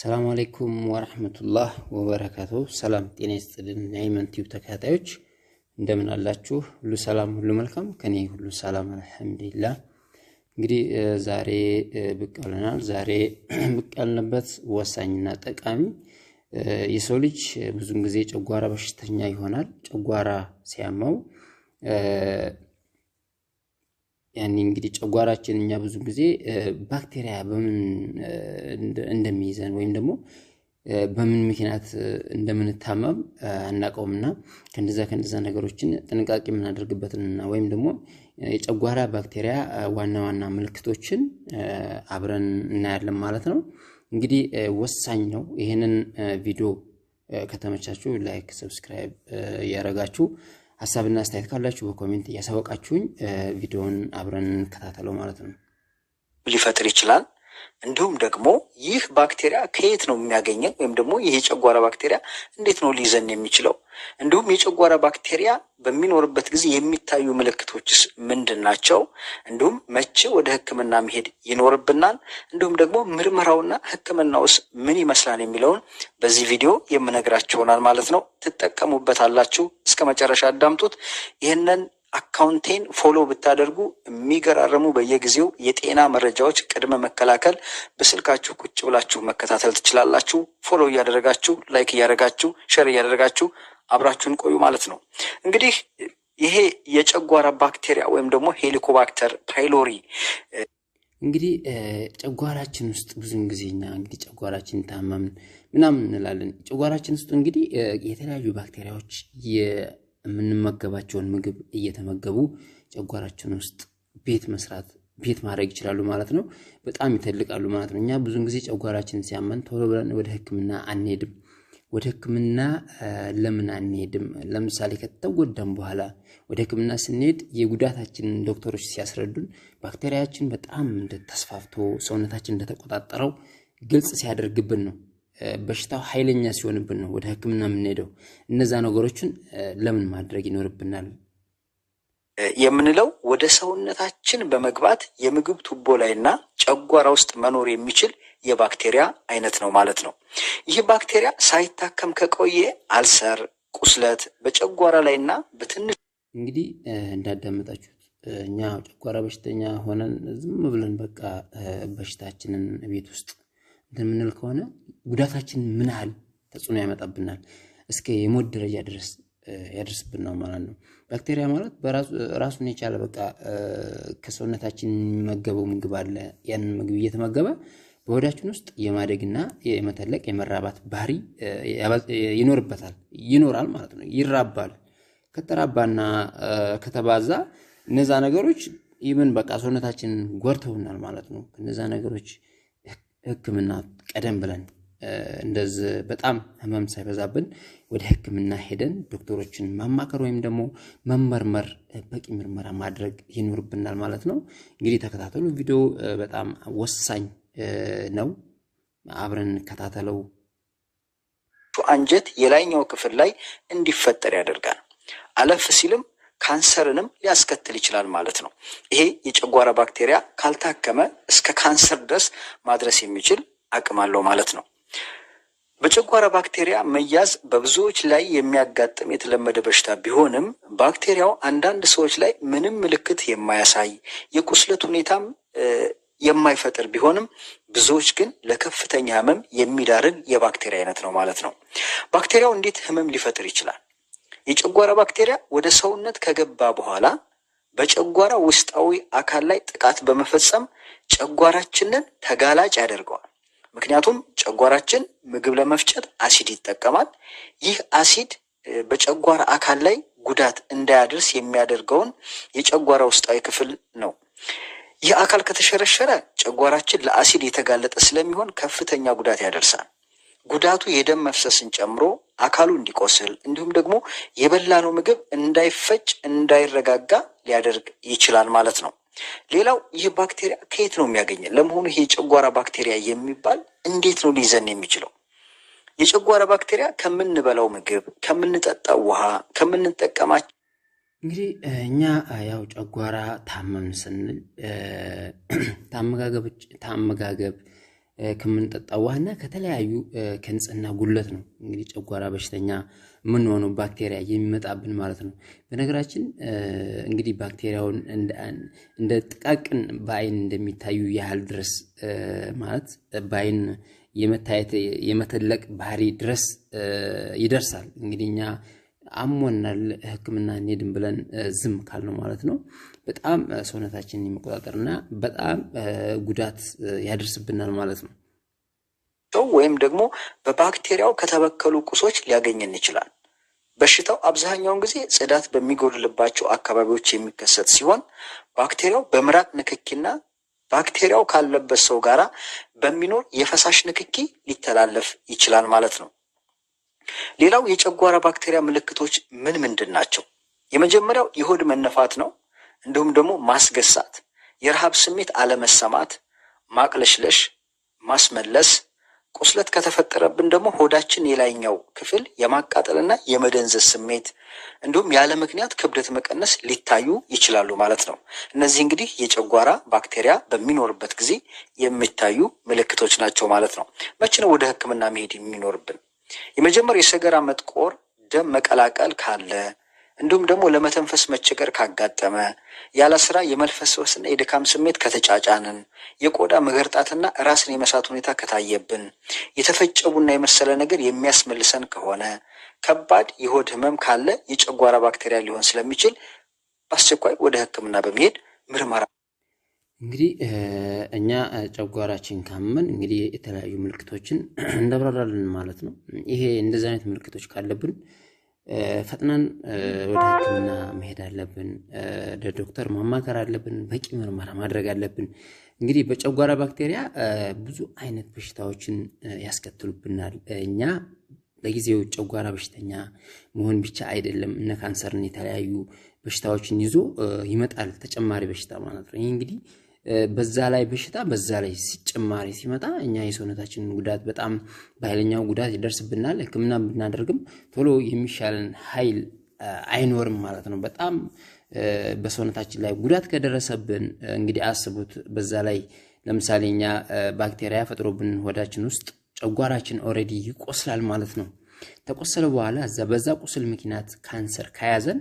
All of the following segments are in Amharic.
ሰላም አለይኩም ወረሕመቱላህ ወበረካቱ። ሰላም ጤና ይስጥልን የአይመን ቲዩብ ተከታዮች እንደምን አላችሁ? ሁሉ ሰላም፣ ሁሉ መልካም፣ ከኔ ሁሉ ሰላም አልሐምዱሊላ። እንግዲህ ዛሬ ብቅ ብለናል። ዛሬ ብቅ ያልንበት ወሳኝና ጠቃሚ የሰው ልጅ ብዙን ጊዜ ጨጓራ በሽተኛ ይሆናል። ጨጓራ ሲያመው ያኔ እንግዲህ ጨጓራችን እኛ ብዙ ጊዜ ባክቴሪያ በምን እንደሚይዘን ወይም ደግሞ በምን ምክንያት እንደምንታመም አናውቀውምና ከነዛ ከነዛ ነገሮችን ጥንቃቄ የምናደርግበትንና ወይም ደግሞ የጨጓራ ባክቴሪያ ዋና ዋና ምልክቶችን አብረን እናያለን ማለት ነው። እንግዲህ ወሳኝ ነው። ይህንን ቪዲዮ ከተመቻችሁ ላይክ፣ ሰብስክራይብ እያረጋችሁ ሀሳብና አስተያየት ካላችሁ በኮሜንት እያሳወቃችሁኝ ቪዲዮውን አብረን እንከታተለው ማለት ነው። ሊፈጥር ይችላል። እንዲሁም ደግሞ ይህ ባክቴሪያ ከየት ነው የሚያገኘው ወይም ደግሞ ይህ የጨጓራ ባክቴሪያ እንዴት ነው ሊይዘን የሚችለው? እንዲሁም የጨጓራ ባክቴሪያ በሚኖርበት ጊዜ የሚታዩ ምልክቶችስ ምንድን ናቸው? እንዲሁም መቼ ወደ ህክምና መሄድ ይኖርብናል? እንዲሁም ደግሞ ምርመራውና ህክምናውስ ምን ይመስላል የሚለውን በዚህ ቪዲዮ የምነግራችሁ ይሆናል ማለት ነው። ትጠቀሙበታላችሁ። እስከ መጨረሻ አዳምጡት። ይህንን አካውንቴን ፎሎ ብታደርጉ የሚገራረሙ በየጊዜው የጤና መረጃዎች፣ ቅድመ መከላከል በስልካችሁ ቁጭ ብላችሁ መከታተል ትችላላችሁ። ፎሎ እያደረጋችሁ፣ ላይክ እያደረጋችሁ፣ ሸር እያደረጋችሁ አብራችሁን ቆዩ ማለት ነው። እንግዲህ ይሄ የጨጓራ ባክቴሪያ ወይም ደግሞ ሄሊኮባክተር ፓይሎሪ እንግዲህ ጨጓራችን ውስጥ ብዙን ጊዜና እንግዲህ ጨጓራችን ታመምን ምናምን እንላለን። ጨጓራችን ውስጥ እንግዲህ የተለያዩ ባክቴሪያዎች የምንመገባቸውን ምግብ እየተመገቡ ጨጓራችን ውስጥ ቤት መስራት ቤት ማድረግ ይችላሉ ማለት ነው። በጣም ይተልቃሉ ማለት ነው። እኛ ብዙን ጊዜ ጨጓራችን ሲያመን ቶሎ ብለን ወደ ሕክምና አንሄድም። ወደ ሕክምና ለምን አንሄድም? ለምሳሌ ከተጎዳም በኋላ ወደ ሕክምና ስንሄድ የጉዳታችንን ዶክተሮች ሲያስረዱን ባክቴሪያችን በጣም እንደተስፋፍቶ ሰውነታችን እንደተቆጣጠረው ግልጽ ሲያደርግብን ነው። በሽታው ኃይለኛ ሲሆንብን ነው ወደ ህክምና የምንሄደው። እነዛ ነገሮችን ለምን ማድረግ ይኖርብናል የምንለው ወደ ሰውነታችን በመግባት የምግብ ቱቦ ላይና ጨጓራ ውስጥ መኖር የሚችል የባክቴሪያ አይነት ነው ማለት ነው። ይህ ባክቴሪያ ሳይታከም ከቆየ አልሰር፣ ቁስለት በጨጓራ ላይና በትንሽ እንግዲህ እንዳዳመጣችሁት እኛ ጨጓራ በሽተኛ ሆነን ዝም ብለን በቃ በሽታችንን ቤት ውስጥ እንደምንል ከሆነ ጉዳታችን ምን ያህል ተጽዕኖ ያመጣብናል፣ እስከ የሞት ደረጃ ድረስ ነው ማለት ነው። ባክቴሪያ ማለት ራሱን የቻለ በቃ ከሰውነታችን የሚመገበው ምግብ አለ። ያንን ምግብ እየተመገበ በወዳችን ውስጥ የማደግና የመተለቅ የመራባት ባህሪ ይኖርበታል ይኖራል ማለት ነው። ይራባል። ከተራባና ከተባዛ እነዛ ነገሮች ይብን በቃ ሰውነታችንን ጎርተውናል ማለት ነው። እነዛ ነገሮች ህክምና ቀደም ብለን እንደዚህ በጣም ህመም ሳይበዛብን ወደ ህክምና ሄደን ዶክተሮችን ማማከር ወይም ደግሞ መመርመር በቂ ምርመራ ማድረግ ይኖርብናል ማለት ነው። እንግዲህ ተከታተሉ። ቪዲዮ በጣም ወሳኝ ነው። አብረን እንከታተለው። አንጀት የላይኛው ክፍል ላይ እንዲፈጠር ያደርጋል። አለፍ ሲልም ካንሰርንም ሊያስከትል ይችላል ማለት ነው። ይሄ የጨጓራ ባክቴሪያ ካልታከመ እስከ ካንሰር ድረስ ማድረስ የሚችል አቅም አለው ማለት ነው። በጨጓራ ባክቴሪያ መያዝ በብዙዎች ላይ የሚያጋጥም የተለመደ በሽታ ቢሆንም ባክቴሪያው አንዳንድ ሰዎች ላይ ምንም ምልክት የማያሳይ የቁስለት ሁኔታም የማይፈጥር ቢሆንም ብዙዎች ግን ለከፍተኛ ህመም የሚዳርግ የባክቴሪያ አይነት ነው ማለት ነው። ባክቴሪያው እንዴት ህመም ሊፈጥር ይችላል? የጨጓራ ባክቴሪያ ወደ ሰውነት ከገባ በኋላ በጨጓራ ውስጣዊ አካል ላይ ጥቃት በመፈጸም ጨጓራችንን ተጋላጭ ያደርገዋል። ምክንያቱም ጨጓራችን ምግብ ለመፍጨት አሲድ ይጠቀማል። ይህ አሲድ በጨጓራ አካል ላይ ጉዳት እንዳያደርስ የሚያደርገውን የጨጓራ ውስጣዊ ክፍል ነው። ይህ አካል ከተሸረሸረ ጨጓራችን ለአሲድ የተጋለጠ ስለሚሆን ከፍተኛ ጉዳት ያደርሳል። ጉዳቱ የደም መፍሰስን ጨምሮ አካሉ እንዲቆስል እንዲሁም ደግሞ የበላነው ምግብ እንዳይፈጭ እንዳይረጋጋ ሊያደርግ ይችላል ማለት ነው። ሌላው ይህ ባክቴሪያ ከየት ነው የሚያገኘ? ለመሆኑ ይህ የጨጓራ ባክቴሪያ የሚባል እንዴት ነው ሊይዘን የሚችለው? የጨጓራ ባክቴሪያ ከምንበላው ምግብ፣ ከምንጠጣው ውሃ፣ ከምንጠቀማቸው እንግዲህ እኛ ያው ጨጓራ ታመም ስንል ታመጋገብ ከምንጠጣው ውሃና ከተለያዩ ከንጽህና ጉለት ነው እንግዲህ ጨጓራ በሽተኛ የምንሆነው ባክቴሪያ የሚመጣብን ማለት ነው። በነገራችን እንግዲህ ባክቴሪያውን እንደ ጥቃቅን በአይን እንደሚታዩ ያህል ድረስ ማለት በአይን የመታየት የመተለቅ ባህሪ ድረስ ይደርሳል። እንግዲህ እኛ አሞናል ህክምና እንሄድም ብለን ዝም ካልነው ማለት ነው በጣም ሰውነታችንን የመቆጣጠርና በጣም ጉዳት ያደርስብናል ማለት ነው። ወይም ደግሞ በባክቴሪያው ከተበከሉ ቁሶች ሊያገኘን ይችላል። በሽታው አብዛኛውን ጊዜ ጽዳት በሚጎድልባቸው አካባቢዎች የሚከሰት ሲሆን ባክቴሪያው በምራቅ ንክኪና ባክቴሪያው ካለበት ሰው ጋራ በሚኖር የፈሳሽ ንክኪ ሊተላለፍ ይችላል ማለት ነው። ሌላው የጨጓራ ባክቴሪያ ምልክቶች ምን ምንድን ናቸው? የመጀመሪያው የሆድ መነፋት ነው። እንዲሁም ደግሞ ማስገሳት፣ የረሃብ ስሜት አለመሰማት፣ ማቅለሽለሽ፣ ማስመለስ ቁስለት ከተፈጠረብን ደግሞ ሆዳችን የላይኛው ክፍል የማቃጠልና የመደንዘዝ ስሜት እንዲሁም ያለ ምክንያት ክብደት መቀነስ ሊታዩ ይችላሉ ማለት ነው። እነዚህ እንግዲህ የጨጓራ ባክቴሪያ በሚኖርበት ጊዜ የሚታዩ ምልክቶች ናቸው ማለት ነው። መቼ ነው ወደ ሕክምና መሄድ የሚኖርብን? የመጀመሪያው የሰገራ መጥቆር፣ ደም መቀላቀል ካለ እንዲሁም ደግሞ ለመተንፈስ መቸገር ካጋጠመ፣ ያለ ስራ የመልፈስፈስና የድካም ስሜት ከተጫጫንን፣ የቆዳ መገርጣትና ራስን የመሳት ሁኔታ ከታየብን፣ የተፈጨ ቡና የመሰለ ነገር የሚያስመልሰን ከሆነ፣ ከባድ የሆድ ህመም ካለ የጨጓራ ባክቴሪያ ሊሆን ስለሚችል በአስቸኳይ ወደ ሕክምና በመሄድ ምርመራ እንግዲህ እኛ ጨጓራችን ካመን እንግዲህ የተለያዩ ምልክቶችን እንደብራራለን ማለት ነው። ይሄ እንደዚህ አይነት ምልክቶች ካለብን ፈጥነን ወደ ሕክምና መሄድ አለብን። ለዶክተር ማማከር አለብን። በቂ ምርመራ ማድረግ አለብን። እንግዲህ በጨጓራ ባክቴሪያ ብዙ አይነት በሽታዎችን ያስከትሉብናል። እኛ ለጊዜው ጨጓራ በሽተኛ መሆን ብቻ አይደለም፣ እነ ካንሰርን የተለያዩ በሽታዎችን ይዞ ይመጣል፣ ተጨማሪ በሽታ ማለት ነው። ይህ እንግዲህ በዛ ላይ በሽታ በዛ ላይ ሲጨማሪ ሲመጣ እኛ የሰውነታችንን ጉዳት በጣም በኃይለኛው ጉዳት ይደርስብናል። ሕክምና ብናደርግም ቶሎ የሚሻለን ኃይል አይኖርም ማለት ነው። በጣም በሰውነታችን ላይ ጉዳት ከደረሰብን እንግዲህ አስቡት። በዛ ላይ ለምሳሌ እኛ ባክቴሪያ ፈጥሮብን ሆዳችን ውስጥ ጨጓራችን ኦልሬዲ ይቆስላል ማለት ነው። ተቆሰለ በኋላ እዛ በዛ ቁስል ምክንያት ካንሰር ከያዘን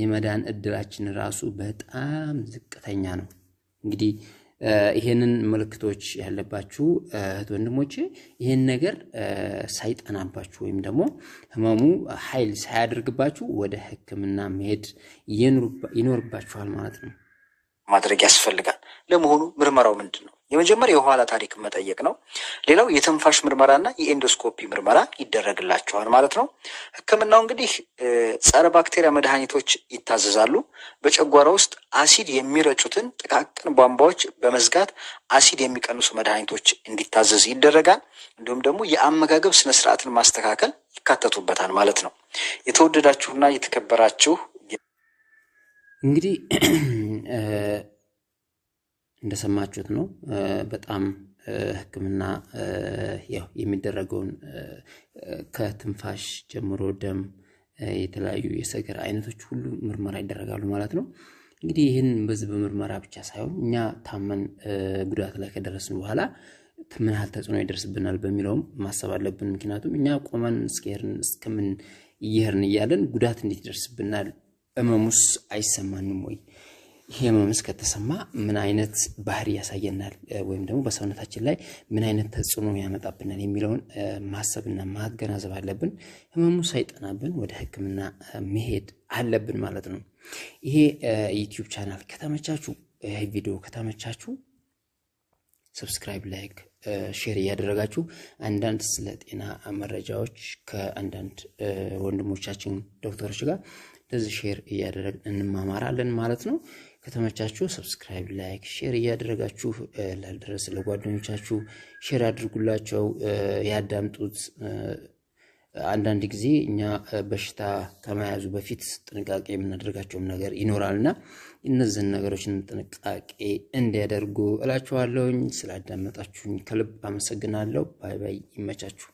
የመዳን እድላችን ራሱ በጣም ዝቅተኛ ነው። እንግዲህ ይህንን ምልክቶች ያለባችሁ እህት ወንድሞቼ ይህን ነገር ሳይጠናባችሁ ወይም ደግሞ ህመሙ ኃይል ሳያደርግባችሁ ወደ ሕክምና መሄድ ይኖርባችኋል ማለት ነው፣ ማድረግ ያስፈልጋል። ለመሆኑ ምርመራው ምንድን ነው? የመጀመሪያ የኋላ ታሪክ መጠየቅ ነው። ሌላው የትንፋሽ ምርመራና የኤንዶስኮፒ ምርመራ ይደረግላቸዋል ማለት ነው። ሕክምናው እንግዲህ ጸረ ባክቴሪያ መድኃኒቶች ይታዘዛሉ። በጨጓራ ውስጥ አሲድ የሚረጩትን ጥቃቅን ቧንቧዎች በመዝጋት አሲድ የሚቀንሱ መድኃኒቶች እንዲታዘዝ ይደረጋል። እንዲሁም ደግሞ የአመጋገብ ስነስርዓትን ማስተካከል ይካተቱበታል ማለት ነው። የተወደዳችሁና የተከበራችሁ እንግዲህ እንደሰማችሁት ነው በጣም ህክምና ያው የሚደረገውን ከትንፋሽ ጀምሮ ደም፣ የተለያዩ የሰገር አይነቶች ሁሉ ምርመራ ይደረጋሉ ማለት ነው። እንግዲህ ይህን በዚህ በምርመራ ብቻ ሳይሆን እኛ ታመን ጉዳት ላይ ከደረስን በኋላ ምን ያህል ተጽዕኖ ይደርስብናል በሚለውም ማሰብ አለብን። ምክንያቱም እኛ ቆመን እስከሄድን እስከምን እየሄድን እያለን ጉዳት እንዴት ይደርስብናል? እመሙስ አይሰማንም ወይ? ህመምስ ከተሰማ ምን አይነት ባህሪ ያሳየናል ወይም ደግሞ በሰውነታችን ላይ ምን አይነት ተጽዕኖ ያመጣብናል የሚለውን ማሰብና ማገናዘብ አለብን። ህመሙ ሳይጠናብን ወደ ህክምና መሄድ አለብን ማለት ነው። ይሄ ዩቲዩብ ቻናል ከተመቻችሁ፣ ይህ ቪዲዮ ከተመቻችሁ ሰብስክራይብ፣ ላይክ፣ ሼር እያደረጋችሁ አንዳንድ ስለ ጤና መረጃዎች ከአንዳንድ ወንድሞቻችን ዶክተሮች ጋር እንደዚህ ሼር እያደረግን እንማማራለን ማለት ነው። ከተመቻችሁ ሰብስክራይብ፣ ላይክ፣ ሼር እያደረጋችሁ ላልደረስ ለጓደኞቻችሁ ሼር አድርጉላቸው፣ ያዳምጡት። አንዳንድ ጊዜ እኛ በሽታ ከመያዙ በፊት ጥንቃቄ የምናደርጋቸውም ነገር ይኖራልና እነዚህን ነገሮችን ጥንቃቄ እንዲያደርጉ እላችኋለሁኝ። ስላዳመጣችሁኝ ከልብ አመሰግናለሁ። ባይ ባይ። ይመቻችሁ።